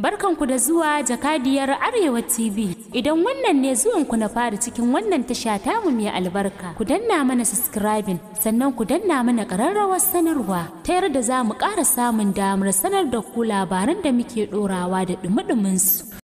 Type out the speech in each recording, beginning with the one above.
Barkanku da zuwa jakadiyar Arewa TV. Idan wannan ne zuwanku na fara cikin wannan tasha tamu mai albarka, ku danna mana subscribing sannan ku danna mana ƙararrawar sanarwa ta yarda za mu ƙara samun damar sanar da ku labaran da muke ɗorawa da ɗumi-ɗuminsu.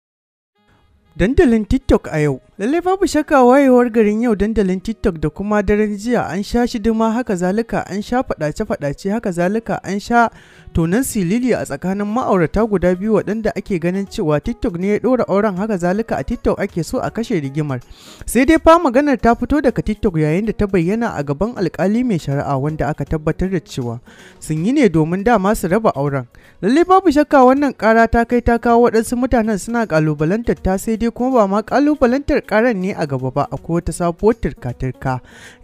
Dandalin TikTok a yau. Lalle babu shakka wayewar garin yau dandalin TikTok da kuma daren jiya an sha shidima haka zalika an sha fadace-fadace haka zalika an sha tonan silili a tsakanin ma'aurata guda biyu waɗanda ake ganin cewa TikTok ne ya ɗora auren haka zalika a TikTok ake so a kashe rigimar. Sai dai fa maganar ta fito daga TikTok yayin da ta bayyana a gaban alkali mai shari'a wanda aka tabbatar da cewa sun yi ne domin dama su raba auren. Lalle babu shakka wannan kara ta kai ta kawo waɗansu mutanen suna kalubalantar ta sai dai kuma ba ma kalubalantar karan ne a gaba ba a wata sabuwar turka-turka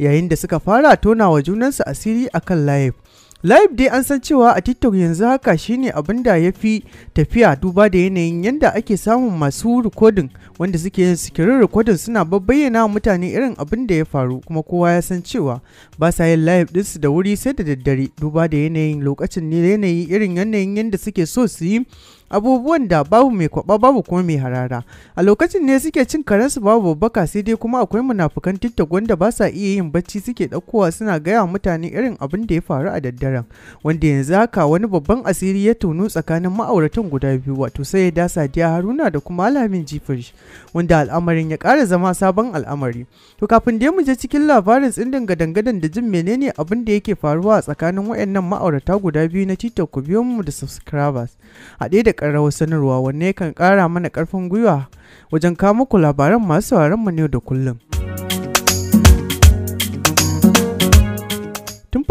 yayin da suka fara tona wa junansu asiri akan live Live dai an san cewa a TikTok yanzu haka shine abinda ya fi tafiya duba da yanayin yadda ake samun masu rikodin wanda suke yin sikirin rikodin suna bayyana mutane irin abin da ya faru kuma kowa ya san cewa ba sa yin live ɗinsu da wuri sai da daddare duba da yanayin lokacin ne yanayi irin yanayin yadda suke so su yi abubuwan da babu mai kwaba babu kuma mai harara a lokacin ne suke cin karensu babu babbaka sai dai kuma akwai munafukan tiktok wanda ba sa iya yin bacci suke ɗaukowa suna gaya mutane irin abin da ya faru a daddare daren wanda yanzu haka wani babban asiri ya tunu tsakanin ma'auratan guda biyu wato sai da sadiya haruna da kuma alamin jifirish wanda al'amarin ya ƙara zama sabon al'amari to kafin da mu je cikin labarin tsindin gadangadan da jin menene abin da yake faruwa a tsakanin wayannan ma'aurata guda biyu na tiktok ku biyo mu da subscribers haɗe da ƙararrawar sanarwa wanne kan ƙara mana ƙarfin gwiwa wajen kawo muku labaran masu sauraron mu ne da kullum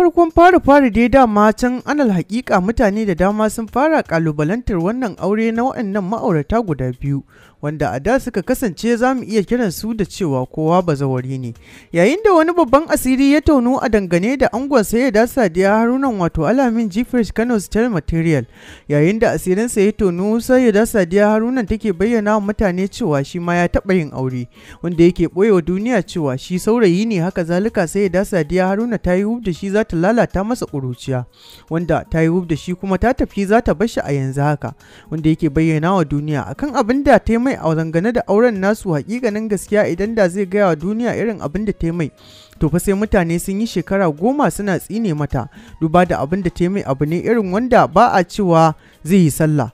farkon fara fara dai dama can anal hakika mutane da dama sun fara kalubalantar wannan aure na waɗannan ma'aurata guda biyu wanda a da suka kasance za mu iya kiran su da cewa kowa bazawari ne yayin da wani babban asiri ya taunu a dangane da angon sai da sadiya harunan wato alamin jifresh kano star material yayin da asirinsa ya taunu sai da sadiya harunan take bayyana wa mutane cewa shi ma ya taba yin aure wanda yake ɓoye wa duniya cewa shi saurayi ne haka zalika sai da sadiya haruna ta yi da shi za ta lalata masa ƙuruciya wanda ta yi da shi kuma ta tafi za ta bar shi a yanzu haka wanda yake bayyana wa duniya akan abin da ta mai a dangane da auren nasu hakikanin gaskiya idan da zai gaya wa duniya irin abin da ta mai to fa sai mutane sun yi shekara goma suna tsine mata duba da abin da ta mai abu ne irin wanda ba a cewa zai yi sallah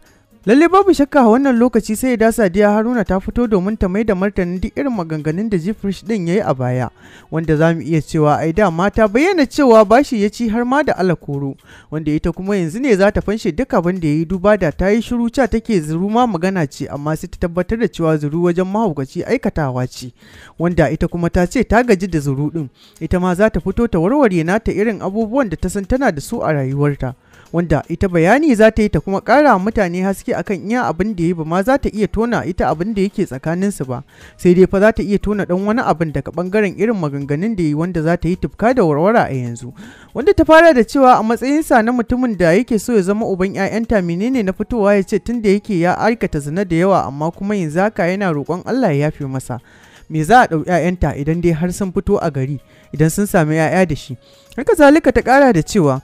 Lalle babu shakka a wannan lokaci sai dasa Sadiya Haruna ta fito domin ta mai da martanin duk irin maganganun da Jifrish din ya yi a baya wanda zamu iya cewa ai da mata bayyana cewa bashi ya ci har ma da alakoro wanda ita kuma yanzu ne za ta fanshe duk abin da yayi duba da ta yi shiru ca take zuru ma magana ce amma sai ta tabbatar da cewa zuru wajen mahaukaci aikatawa ce wanda ita kuma ta ce ta gaji da zuru din ita ma za ta fito ta warware nata irin abubuwan da ta san tana da su a rayuwarta. wanda ita bayani za ta yi ta kuma ƙara mutane haske akan iya abin da yi ba ma za ta iya tona ita abin da yake su ba sai dai fa za ta iya tona dan wani abin daga bangaren irin maganganun da yi wanda za ta yi tufka da warwara a yanzu wanda ta fara da cewa a matsayin sa na mutumin da yake so ya zama uban 'ya'yanta menene na fitowa ya ce tun da yake ya aikata zina da yawa amma kuma yanzu haka yana roƙon Allah ya yafe masa me za a ɗau 'ya'yanta idan dai har sun fito a gari idan sun sami 'ya'ya da shi haka zalika ta ƙara da cewa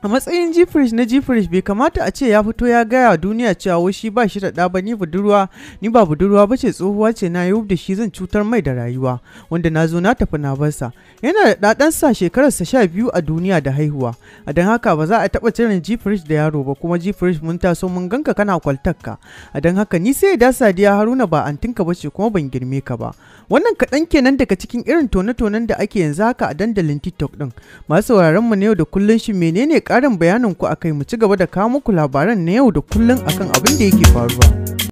a matsayin jifirish na jifirish bai kamata a ce ya fito ya gaya duniya cewa shi ba shi da ba ni budurwa ni ba budurwa ba ce tsohuwa ce na yau da shi zan cutar mai da rayuwa wanda na zo na tafi na barsa yana da ɗaɗansa shekararsa sha biyu a duniya da haihuwa a don haka ba za a taɓa cirin jifirish da yaro ba kuma jifirish mun taso mun ganka kana kwaltakka a don haka ni sai da sadiya haruna ba antinka ba ce kuma ban girme ka ba wannan kaɗan kenan daga cikin irin tone-tonen da ake yanzu haka a dandalin tiktok ɗin masu sauraron mu na yau da kullun shi menene ƙarin bayanin ku kai mu ci gaba da kawo muku labaran na yau da kullun akan abin da yake faruwa.